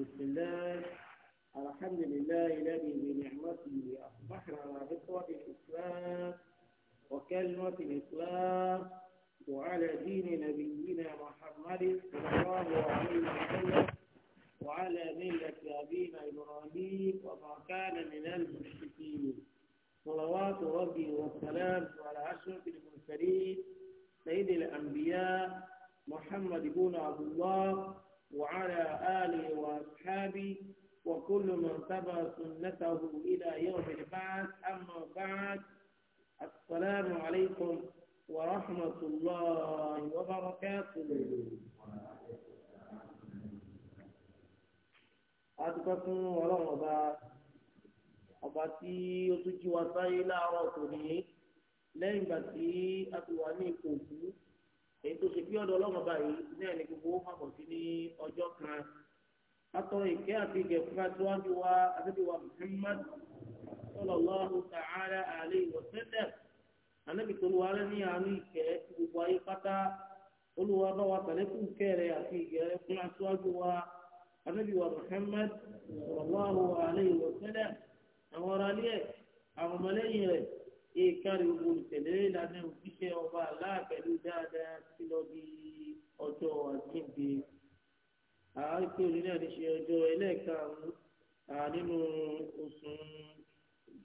بسم الله الحمد لله الذي بنعمته أصبحنا بقوة الإسلام وكلمة الإسلام وعلى دين نبينا محمد صلى الله عليه وسلم وعلى ملة أبينا إبراهيم وما كان من المشركين صلوات ربي والسلام على أشرف المرسلين سيد الأنبياء محمد بن عبد الله وعلى آله وأصحابه وكل من تبع سنته إلى يوم البعث أما بعد السلام عليكم ورحمة الله وبركاته adúgbòkun ọlọ́run ọba ọba tí ó tún jí wa sáyé láàárọ̀ èyí tó ṣe bí ọ̀dọ̀ ọlọ́run báyìí náà ni gbogbo ó pàpọ̀ sí ní ọjọ́ kan atọ́ ìkẹ́ àti ìgẹ̀ fún aṣíwájú wa àdébíwá Muhammad sallallahu ta'ala alayhi wa sallam anábì tó wà rẹ ní àánú ìkẹ́ tí gbogbo ayé pátá olúwa bá wa tàlẹ́kùn kẹrẹ àti ìgẹ̀ fún aṣíwájú wa àdébíwá Muhammad sallallahu alayhi wa sallam àwọn aráalé àwọn ọmọlẹ́yìn rẹ̀ ìkárí gbogbo olùtẹ̀lé ìlànà òṣìṣẹ́ ọba aláàbẹ̀lú dáadáa sí lọ bí ọjọ́ àjíǹde. àáké òní náà ti ṣe ọjọ́ ẹlẹ́ẹ̀karùn-ún nínú oṣù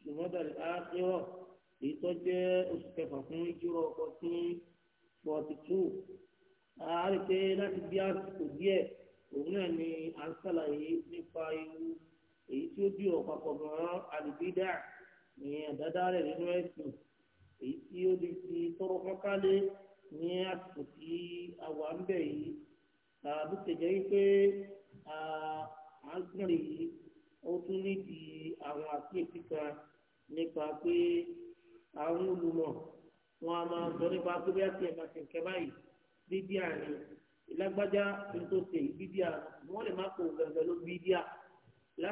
jùmọ́dàlì ákírọ̀ èyí tó jẹ́ oṣù kẹfà fún ìjírọ̀ ọkọ̀ sí forty two. àáké láti bí àsìkò díẹ̀ òun náà ni à ń ṣàlàyé nípa ewu èyí tí ó bí ọ̀pọ̀ pọ̀ gan-an àlùbídà. ìyẹn àdáda rẹ̀ nínú ẹ̀sìn èyí tí ó tọrọ ní àsìkò a wà ń bẹ̀ yìí bó ṣe jẹ́ wípé àgbọ̀nrín yìí o tún ní di àwọn àkíyèsí kan nípa pé àwọn olùmọ̀ wọn a máa sọ nípa pé bí a ti ẹ̀ka báyìí bíbí àárín ìlágbájá ṣe bíbí àárín lè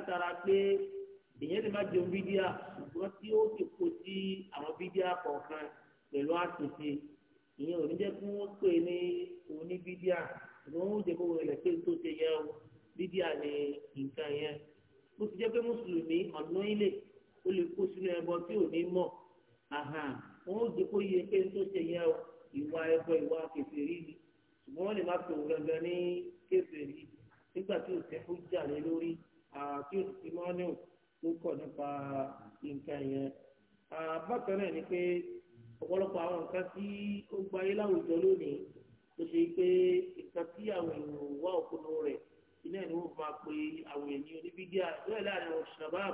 èyàn lè má jẹun bídíà ṣùgbọ́n tí ó ti kó sí àwọn bídíà kọ̀ọ̀kan pẹ̀lú àtúnṣe ìyẹn ò ní jẹ́ kí wọ́n pè ní oníbídíà ìwọ́n ó jẹ́ kó wọ́n lẹ̀ pé tó ṣe yẹ o bídíà ni nǹkan yẹn bó ti jẹ́ pé mùsùlùmí ọ̀nà ilé ó lè kó sínú ẹbọ tí ò ní mọ̀ wọ́n ó jẹ́ kó yẹ pé tó ṣe yẹ o ìwà ẹbọ ìwà kèfèrí ni ṣùgbọ́n wọ́n lè má tó gangan ní kèfèrí nígbà tí ò tó kọ̀ nípa nǹkan yẹn bákan náà ni pé ọ̀pọ̀lọpọ̀ àwọn nǹkan tí ó gbayé láwùjọ lónìí tó ṣe pé nǹkan tí àwọn èèyàn wá òkúlù rẹ̀ iná ẹ̀ ni wọ́n máa pe àwọn èèyàn oníbídíà lóyè láàrin àwọn shabab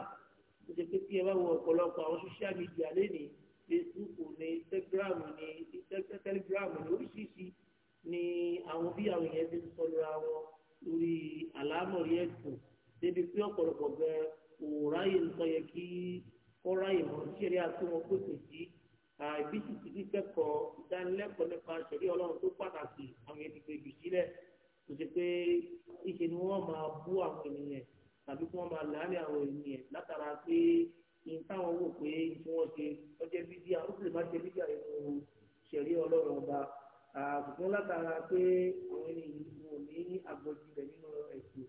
tó ṣe pé tí ẹ bá wo ọ̀pọ̀lọpọ̀ àwọn social media lónìí facebook ní instagram ní telegram ní oríṣiríṣi ni àwọn bí àwọn èèyàn ti sọ lóra wọn lórí àlámọ̀rí ẹ̀sùn débi pé ọ̀pọ̀lọpọ̀ gan kò ráyè nǹkan yẹ kí kó ráyè wọn ṣeré àti wọn kó sì jí àìbísí ti ti kẹ́kọ̀ọ́ ìdánilẹ́kọ̀ọ́ nípa ṣẹ̀rí ọlọ́run tó pàtàkì àwọn ènìyàn ti jù sílẹ̀ kò sí pé ìṣe ni wọ́n máa bú àwọn ènìyàn tàbí kí wọ́n máa làálẹ̀ àwọn ènìyàn látara pé ìyẹn táwọn wò pé tí wọ́n ṣe ọjọ́ bíbí àwọn sì máa ṣe bíbí àyẹ̀wò ṣẹ̀rí ọlọ́run ọba àtùkún látara pé àwọn ènìyàn ò ní àgbọ̀jù rẹ̀ nínú ẹ̀sìn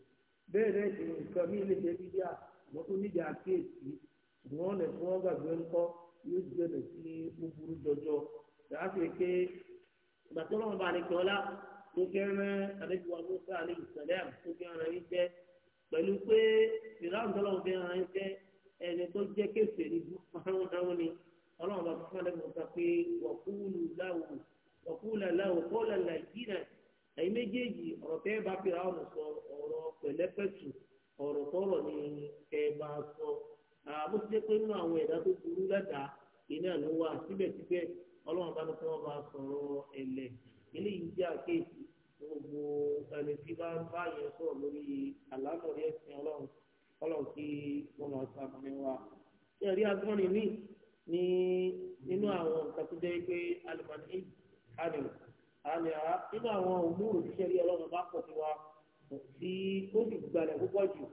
bẹ́ẹ̀ wọn tún níjà kéèsì ṣùgbọ́n ọ̀nà tí wọ́n gbàgbé ń kọ́ yóò jẹ́ ọ̀nà tí ó burú jọjọ láti pé ìgbà tó lọ́wọ́ bá a lè kí ọlá tó kẹ́rẹ́ àdébíwá musa alẹ́ ìsàlẹ̀ tó kẹ́rẹ́ yín jẹ́ pẹ̀lú pé ìdáhùn tó lọ́wọ́ kẹ́rẹ́ yín jẹ́ ẹni tó jẹ́ kéèsì ẹni fáwọn náwọn ni ọlọ́wọ́ bá fún àdébíwá musa pé wọ́kúlù láwù wọ́kúlù ọ̀rọ̀ ni ẹ máa sọ bó ti jẹ́ pé nínú àwọn ẹ̀dá tó burú lẹ́dàá iná ló wà síbẹ̀síbẹ̀ ọlọ́run bá ní kí wọ́n máa sọ̀rọ̀ ẹ̀lẹ̀ eléyìí jẹ́ gbogbo ẹni tí bá ń bá yẹn sọ̀rọ̀ lórí àlámọ̀rí ẹ̀sìn ọlọ́run ọlọ́run kí wọ́n ẹ̀rí agbọ́nrin mi ní nínú tí ó sì gbalẹ̀ púpọ̀ jù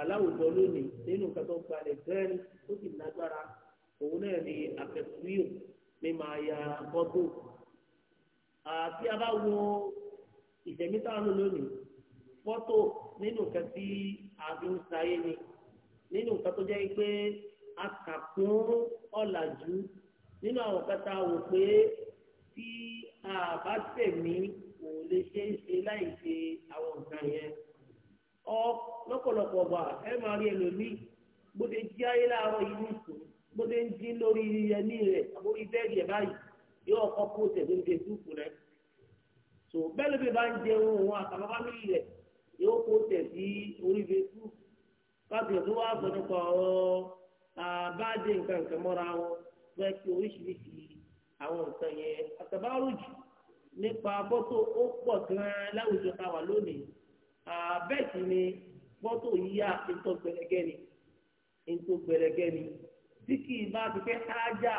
aláwùjọ lónìí nínú nǹkan tó gbalẹ̀ gẹ́rẹ́ ó sì lágbára òun náà ni àfẹ́síwò ní máa ya bọ́tò àti a bá wo ìtẹ̀mí táwọn lónìí fọ́tò nínú nǹkan tí a fi ń sáyé ni nínú nǹkan tó jẹ́ pé a kà kún ọ̀làjú nínú àwọn kẹta wò pé tí a bá tẹ̀mí kò lè ṣe é ṣe láì ṣe àwọn nǹkan yẹn ọ lọ́pọ̀lọpọ̀ wà ẹ máa rí ẹlòmíì bó ṣe jí ayé láàárọ̀ yìí nìkú bó ṣe ń jí lórí ẹní rẹ̀ lórí bẹ́ẹ̀dì ẹ̀ báyìí yóò kọ́ kó tẹ̀lé ń jẹun sùkù rẹ̀ so bẹ́ẹ̀ ló fi bá ń jẹun òun àtàwọn fámìlì rẹ̀ yóò kó tẹ̀ sí orí facebook láti ọ̀dọ́ wa sọ nípa ọ̀rọ̀ àbájáde nǹkan nǹkan wọn fẹ́ kí oríṣiríṣi àwọn nǹkan yẹn àtàbárò jù nípa bọ́tò ó pọ̀ gan-an láwùjọ ta wà lónìí bẹ́ẹ̀ sì ni bọ́tò yíyá ètò gbẹrẹgẹ ni ètò gbẹrẹgẹ ni tí kì í bá ti fẹ́ hájà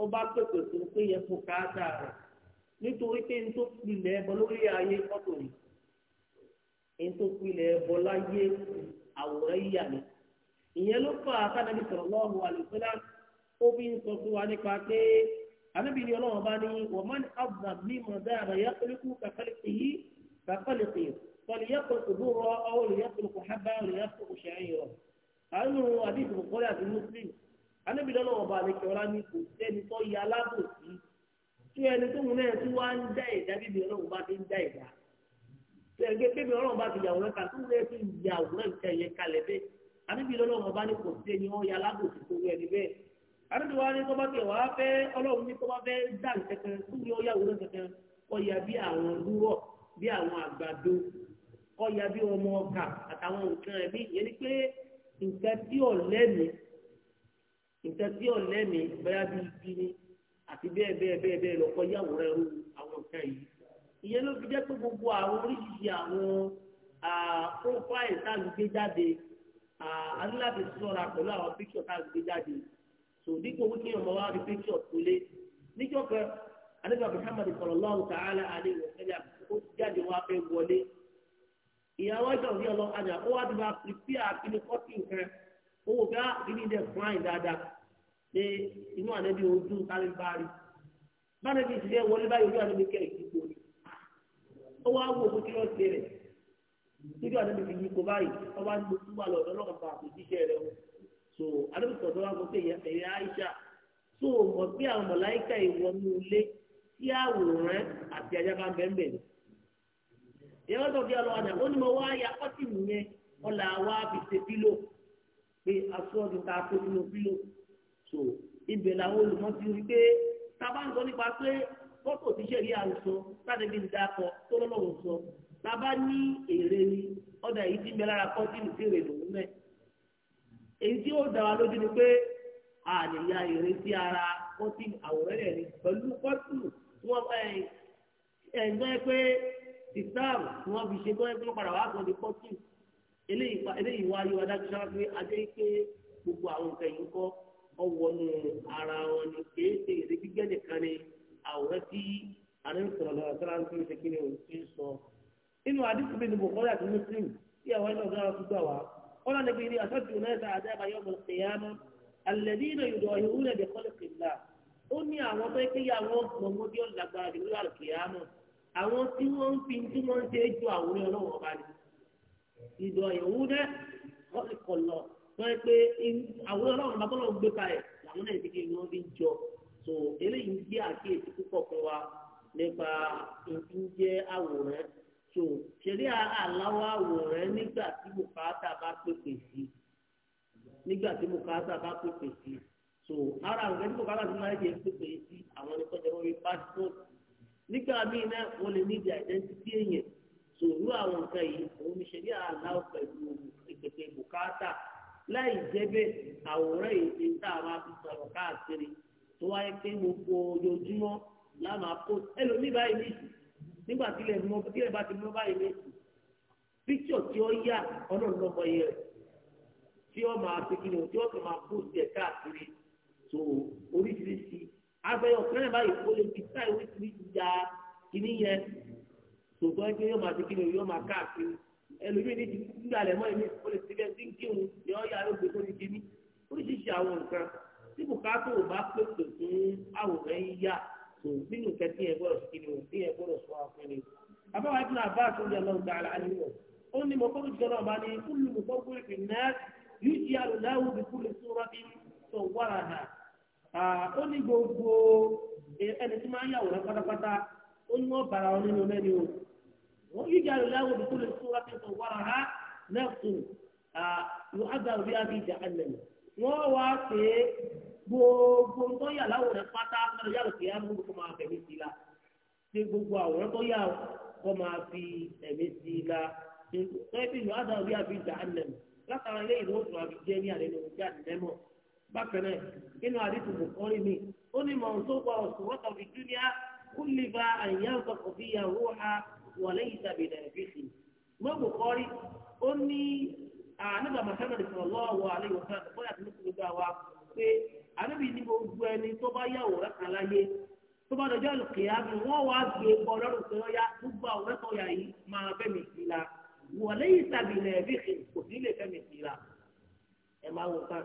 ó bá pèpè tó pé yẹ kó káàtà rẹ̀ nítorí pé ètò pilẹ̀ ẹbọ lórí ayé bọ́tò ni ètò pilẹ̀ ẹbọ láyé àwòrán yíyá ni ìyẹn ló fà á sádàbí sọ̀rọ̀ lọ́wọ́ àlùfẹ́lá ó fi ń sọ fún wa nípa pé anábì ni ọlọ́run bá ní wọ́n mọ́ni abdul mímọ́ dára yá kọ́lẹ́kù kàkọ́lẹ́kù yìí kàkọ́lẹ́kù yìí kọ́lẹ́ yá kọ́lẹ́kù dúró ọ́ lè yá kọ́lẹ́kù hábà lè yá kọ́lẹ́kù ṣẹ́yìn rọ̀ àánú àdìsí bùkọ́lẹ́ àti muslim anábì ni ọlọ́run bá ní kẹ́ọ́lá ní kò sẹ́ni tó yẹ alábòsí tí ẹni tó wù náà tí wá ń dá ẹ̀dá bíbi ọlọ́run bá ti ń dá ẹ̀dá tí ẹgbẹ́ bíbi ọlọ́run bá ti yàwòrán kan tó wù náà ti yàwòrán nǹkan àdúgbò wa ní tọ́ba tẹ̀ wá fẹ́ ọlọ́run ní tọ́ba fẹ́ dá nkẹ́kẹ́ kú ni ó yàwòrán kẹ́kẹ́ ọ̀yà bí àwọn rúrọ̀ bí àwọn àgbàdo ọ̀yà bí ọmọ ọkà àtàwọn nǹkan ẹ̀mí yẹn ni pé nǹkan tí ò lẹ́mìí nǹkan tí ò lẹ́mìí bẹ́ẹ̀ bí igi ni àti bẹ́ẹ̀ bẹ́ẹ̀ bẹ́ẹ̀ bẹ́ẹ̀ lọ kọ́ yàwòrán ẹrú àwọn nǹkan yìí ìyẹn ló fi jẹ́ pé gbogbo àwọn oríṣiríṣi àwọn profile tá à ń gbé jáde àdúrà ti sọ̀rọ̀ pẹ̀lú àwọn picture tá à ń gbé jáde so dípò wípé ọmọ wa rí píkṣọ tó lé níjọ́ kan anábà Muhammad sallallahu ta'ala alaihi wa sallam ó jáde wá fẹ́ wọlé ìyàwó ìjọ òbí ọlọ àjà ó wá ti bá pípí àkíní kọ́tì nǹkan owó bí àkíní dẹ̀ fáìn dáadáa pé inú ànábi ojú báyìí ti ṣiṣẹ́ wọlé báyìí ojú kẹ́ ìdíkò ni ó wá wò ó kí wọ́n ṣe rẹ̀ yí ọba so alóòtú tó wá gbọ́ pé ẹ̀yẹ Aisha so mọ̀ pé àwọn mọ̀láìkà ìwọnú ilé tí àwòrán àti ajá bá ń bẹ̀ ń bẹ̀ ni. ìyẹn wọ́n sọ bí ọlọ́wọ́ àná ó ní mo wá ya pọ́tì nìyẹn ọ̀là wa fi ṣe pílò pé aṣọ́ọ̀dù ta tó sínú pílò so ibẹ̀ làwọn olùmọ̀ ti rí pé tábà ń sọ nípa pé fọ́tò tíṣẹ́ rí àrùsọ sádẹ́bí ń dakọ̀ tó lọ́lọ́wọ́ sọ tábà ní èrè ni ọ̀dà yìí ti bẹ lára pọ́tì nìkéré lòún mẹ́ẹ̀ èyí tí ó dára lójú ni pé àlèyà ìrètí ara kọ́tí àwòrán rẹ̀ ni pẹ̀lú kọ́tù tí wọ́n bá ẹ̀gbọ́n pé ìsáàmù tí wọ́n fi ṣe gbọ́n pé wọ́n padà wá sọ di kọ́tù eléyìí wá yọ adájọ́ sára pé adé pé gbogbo àwọn nǹkan yìí kọ́ ọwọ́nu ara wọn ni kìí ṣe èrè gbígbẹ́ nìkan ni àwòrán tí àdéhùnsọ̀rọ̀ lọ́wọ́ sára ń fi ṣe kí ni òun ti sọ. nínú àdéhùn mi ni bùkọ́lá àti Muslim tí àwọn ẹ̀dọ́ قال النبي لي أشد الناس عذابا يوم القيامة الذين يدعون بخلق الله أني ní يا رب ké yá àwọn ọmọdé ọ̀làgbà àdìgbò àlùkìyàmọ̀ àwọn tí wọ́n ń fi tí wọ́n ń ṣe ju àwọn ọlọ́wọ́ ọba ni ìdọ̀ ìwúdẹ kọlọ tó yẹ pé àwọn ọlọ́wọ́ ọba tó lọ gbé kalẹ̀ làwọn náà ti ké ni wọ́n fi ń jọ so eléyìí ń jẹ́ àkíyèsí púpọ̀ fún wa nípa ìdíjẹ́ àwòrán so ṣẹlẹ̀ aláwọ̀ àwòrán nígbà tí bá pèpè sí nígbà tí bùkátà bá pèpè sí so ara nǹkan tí bùkátà ti máa ń jẹ pèpè sí àwọn ẹni tọ́jú lórí passport nígbà míì náà wọ́n lè níbi identity èèyàn so irú àwọn nǹkan yìí òun ní ṣẹlẹ̀ aláwọ̀ pẹ̀lú ìpèpè bùkátà láì jẹ́ bẹ́ẹ̀ àwòrán yìí ti ń tà wá fi sọ̀rọ̀ káàkiri tó wáyé pé gbogbo ojoojúmọ́ láàmà post ẹlòmíì báyìí nígbà tí ilẹ̀ bá ti mọ́ báyìí nígbà píṣọ̀ tí ó yá ọlọ́run lọ́mọ yẹ tí ó máa ṣe kíni o tí ó sì máa kó tiẹ̀ káàkiri tó oríṣiríṣi abẹ́yọ̀ kan náà báyìí ó lè fi táì oríṣiríṣi ya kíní yẹn tòótọ́ ẹgbẹ́ yóò máa ṣe kíni o yóò máa káàkiri ẹlòmíì ní ti gbàlẹ̀ mọ́ ẹ̀mí ó lè ti bẹ́ẹ̀ tí ń kírun ni ó yá ló gbé tó ní kíní oríṣiríṣi àwọn nǹkan tí bùkátà ò bá pèsè fún àwòrán yíyá tó nínú kẹtí ẹ̀ gbọ́dọ̀ kíni o tí ẹ̀ gbọ́dọ̀ sọ àfẹ́ni ó ní mọ̀kọ́ ìjọ náà bá ní kúlù mọ̀kọ́ gbèrè náà yóò jí àlùláwù bí kúlù sóra bí sọ wàrà nà. ó ní gbogbo e, ẹni tí máa ń yàwòrán pátápátá ó ní wọ́n bára wọn nínú mẹ́ni o. wọ́n yóò jí àlùláwù bí kúlù sóra bí sọ wàrà nà nẹ́ẹ̀kùn yóò ágbàrú bí abí ìjà àlẹ́ wọ́n wá pé gbogbo tó yà láwòrán pátá lọ́dọ̀ yàrá kìí àmú kó máa fẹ̀mí sí la ṣé gbogbo àwòrán tó yà kó máa fi ẹ̀mí sí la ẹbí ìlú adam bí àbí ìjà àlẹ látara ilé ìlú òtún àbí jẹ ní àlẹ ní ojú àlẹ mọ bákan náà nínú àdìsí bùkọ́rí mi ó ní màá tó gba ọ̀sùn wọ́n tàbí júlíà kú lè ba àyà ọ̀sọ̀kọ̀ bí ìyàwó ha wọlé ìtàbí nàìjíríà mọ́ bùkọ́rí ó ní ànábà mahamadu sallallahu alayhi wa sallam bóyá tó ní kúrò gbà wá pé ànábì ní bá yàwó tó bá dọjọ́ àlùkìyà wá pé ó yá wọlé ìsàbìlẹ̀ ẹ̀bí kò sí lè fẹ́mi sí ra ẹ máa wọ kan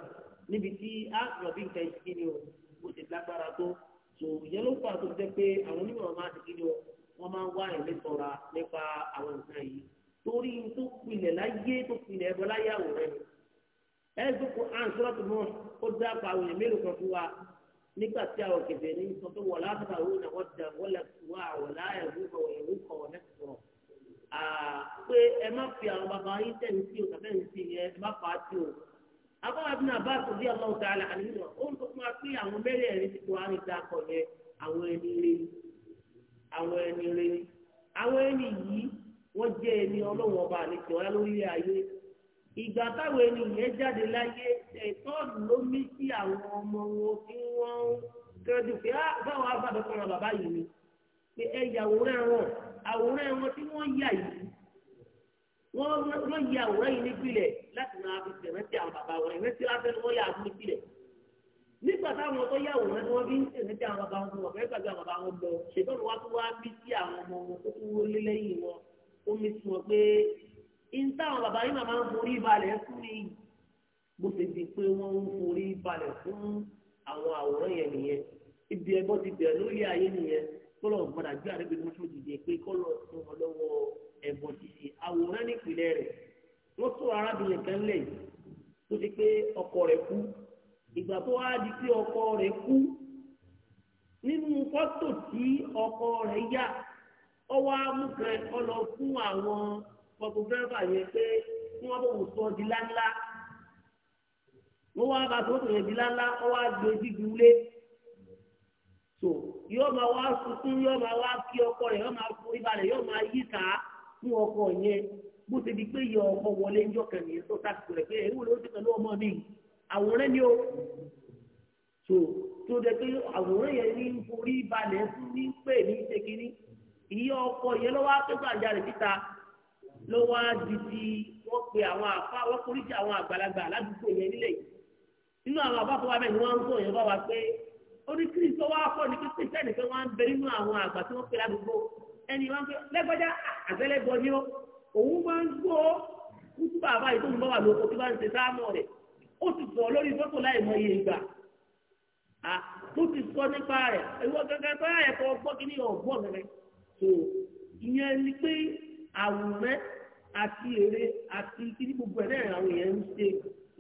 níbi tí a rọ̀bí nǹkan ìṣe ni o bó ti lágbára tó tó ìyẹn ló fà tó jẹ́ pé àwọn onímọ̀ máa ti kí ni o wọ́n máa ń wá ẹ̀mí sọ̀ra nípa àwọn nǹkan yìí torí tó pilẹ̀ láyé tó pilẹ̀ ẹ̀bọ láyé àwòrán ni ẹ̀ dúkù ansọ́ọ̀tù náà ó dábàá àwọn èèyàn mélòó kan fún wa nígbà tí àwọn kẹfẹ́ ní sọ pé wọ́n lábàá òun náà wọ́n dà wọ́n lẹ̀ wá àwọn láyà ìwúkọ̀ ìwúkọ̀ wọn pé ẹ má fi àwọn bàbá yín tẹ̀lé sí o tàbí ẹ̀yìn sí ẹ má fà á sí o. Abáwá bí náà bá àtúndí ọlọ́run tá a là nínú ọ̀ ó ń tó máa pín àwọn mẹ́rẹ̀ẹ̀rin tí wọ́n á rí dákọ̀ yẹn àwọn ẹni rẹ àwọn ẹni rẹ àwọn ẹni yìí wọ́n jẹ́ ẹni ọlọ́run ọba àlejò ọ̀yá lórí ayé ìgbà táwọn ẹni yẹn jáde láyé ẹ̀tọ́ọ̀nù ló mí sí àwọn ọmọ wọn tí wọ́n ń kẹ́dùn pé ah, báwọn abàdàn fúnra bàbá yìí àwòrán wọn tí wọ́n yà yìí wọ́n yà àwòrán yìí nípìnlẹ̀ láti máa fi tẹ̀mẹ́tì àwọn bàbá wọn ìrẹsì láti wọ́n yà á fún ìpìlẹ̀ nígbà táwọn tó yàwò rẹ ni wọn fi ń tẹ̀lé tí àwọn bàbá wọn tó wà fẹ́ gbàgbé àwọn bàbá wọn lọ ṣètọ́nù wa tó wá bí sí àwọn ọmọ wọn tó tún wọlé lẹ́yìn wọn ó mi sùn wọn pé ń táwọn bàbá yìí màmá ń forí balẹ̀ fún mi bó ṣe di pé wọ́n ń forí balẹ̀ fún àwọn àwòrán yẹn nìyẹn ibi ẹbọ ti bẹ̀rẹ̀ lórí ayé nìyẹn kọlọ gbọ́dọ̀ gbé àdébí mọṣọ dìde pé kọlọ fún ọ lọ́wọ́ ẹbọ ṣíṣe àwòrán nípìnlẹ̀ rẹ̀ wọ́n tó arábìnrin kan lẹ tó ti pé ọkọ rẹ̀ kú ìgbà tó wá di pé ọkọ rẹ̀ kú nínú fọ́tò tí ọkọ rẹ̀ yà ọwọ́ amúkẹ ọlọ fún àwọn fọtògráfà yẹn pé kí wọ́n wò sọ di láńlá wọ́n wá bá tó tó di láńlá ọwọ́ àgbẹ̀ dídúlé. so yóò máa wá sunkún yóò máa wá kí ọkọ rẹ yóò máa fún ìbàlẹ̀ yóò máa yí ká fún ọkọ yẹn bó ṣe di pé yọ ọkọ wọlé pé o so tó dẹ pé àwòrán yẹn ní orí ìbàlẹ̀ fún ní pè ní ṣèkínní ìyá ọkọ yẹn wá síta wá di ti pe àwọn àfa wa pé orí kristu wá kọ́ ni kí kristiani pé wọ́n á bẹ nínú àwọn àgbà tí wọ́n pè ládùúgbò ẹni wọn pé lẹ́gbẹ́dá àgbẹ̀lẹ́gbọ ni ó òun máa ń gbọ́ kútu bàbá yìí tó ń bọ́ wà lóko tí bá ń ṣe sáàmù rẹ̀ ó ti pọ̀ lórí fọ́tò láì mọ iye ìgbà mo ti sọ nípa rẹ̀ ìwọ gẹ́gẹ́ bá ẹ̀kọ́ gbọ́ kí ni ọ̀gbọ́ gẹ́gẹ́ tó ìyẹn ni pé àwòrán àti èrè àti kí ni gbogbo ẹ̀ náà àwọn èèyàn ń ṣe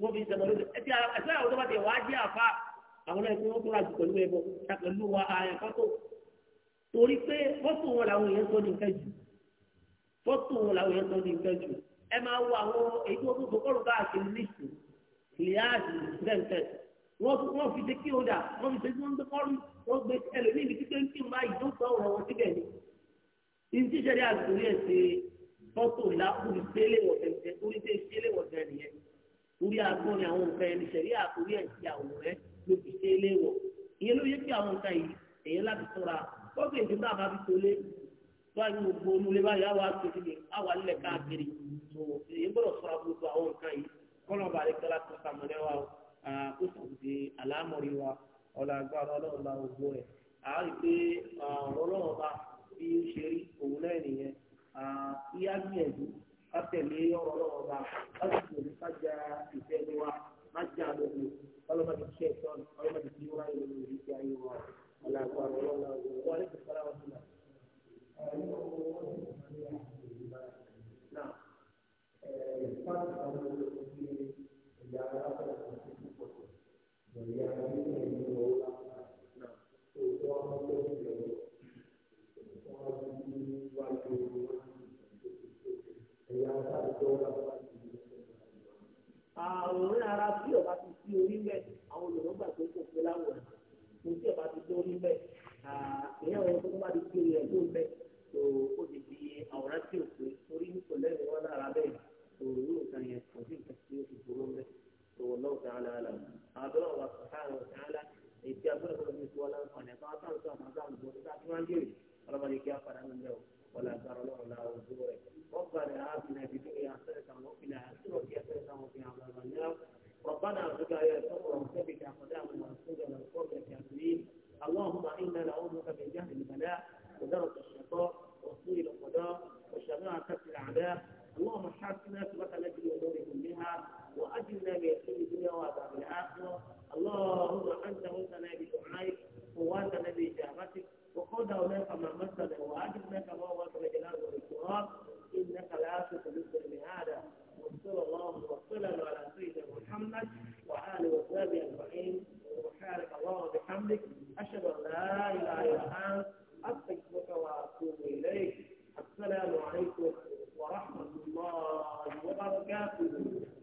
wọ́n fi ṣàbọ̀ lóde ẹ̀ ti àwọn ọ̀dọ́ bá ti wá jẹ́ àfa àwọn náà tí wọ́n tó ràjù pẹ̀lú ẹbọ pẹ̀lú wa àyàn fọ́tò torí pé fọ́tò wọn làwọn èèyàn sọ ní nǹkan jù fọ́tò wọn làwọn èèyàn sọ ní nǹkan jù ẹ máa wo àwọn èyí tó tó kọ́rọ̀ káàkiri níṣù kìlíàdì rẹ̀ǹtẹ̀ wọ́n fi ṣe kí o dà wọ́n fi ṣe kí wọ́n tó kọ́rù wọ́n gbé ẹlòmíì ní kíkẹ́ ní kí n bá ìdókòwò ọ̀rọ̀ wọn síbẹ̀ ni ìdí ìṣẹ̀lẹ̀ àgbòrí ẹ̀ ṣe fọ́tò ìlàkùnrin gbélé wọ̀tẹ̀ torí ṣe gbélé wọ̀tẹ̀ nìyẹn torí àgbọ̀n ni àwọn nǹkan ẹni ṣẹ̀rí àkórí ẹ̀ ti àwòrán ló fi ṣe ilé wọ̀ ìyẹn ló yẹ kí àwọn nǹkan yìí èyí láti tóra kókè ìdí tá a bá fi tolé báyìí gbogbo onúlé báyìí àwa tóbi ni àwa lẹ̀ káàkiri tó èyí gbọ́dọ̀ sọ̀rọ̀ gbogbo àwọn nǹkan yìí kọ́nà bàálẹ̀ kẹ́lá tó sàmúlẹ̀ wa kó sàmùdé àlámọ̀rí wa ọ̀là agbára ọlọ́run la ògbó rẹ̀ a rí pé ọlọ́run ọba bí ṣe rí òun náà nìyẹn yíyá gbìyànjú ká tẹ̀lé ọlọ́run ọba ká tẹ̀lé ká ìfẹ́ wa ọlọ́mọdé tí ẹ̀ tọ́ ọlọ́mọdé tí wọ́n ayé lórí ìdí ayé wọn aláàbò àwọn ọlọ́wọ́ wọn lè fi fara wọn sílẹ̀. Àwọn ará bí ọba sí orí mẹ́ àwọn olùrọ̀gbà tó kò fún láwùrán kò sí ẹ̀bá ti dé orí mẹ́ ìyá àwọn tó bá ti dé orí ẹ̀ ló mẹ́ tó ó ti di àwòrán tí ò pé orí kò lẹ́yìn wọn lára bẹ́ẹ̀. وعذاب الآخرة اللهم أنت مستعان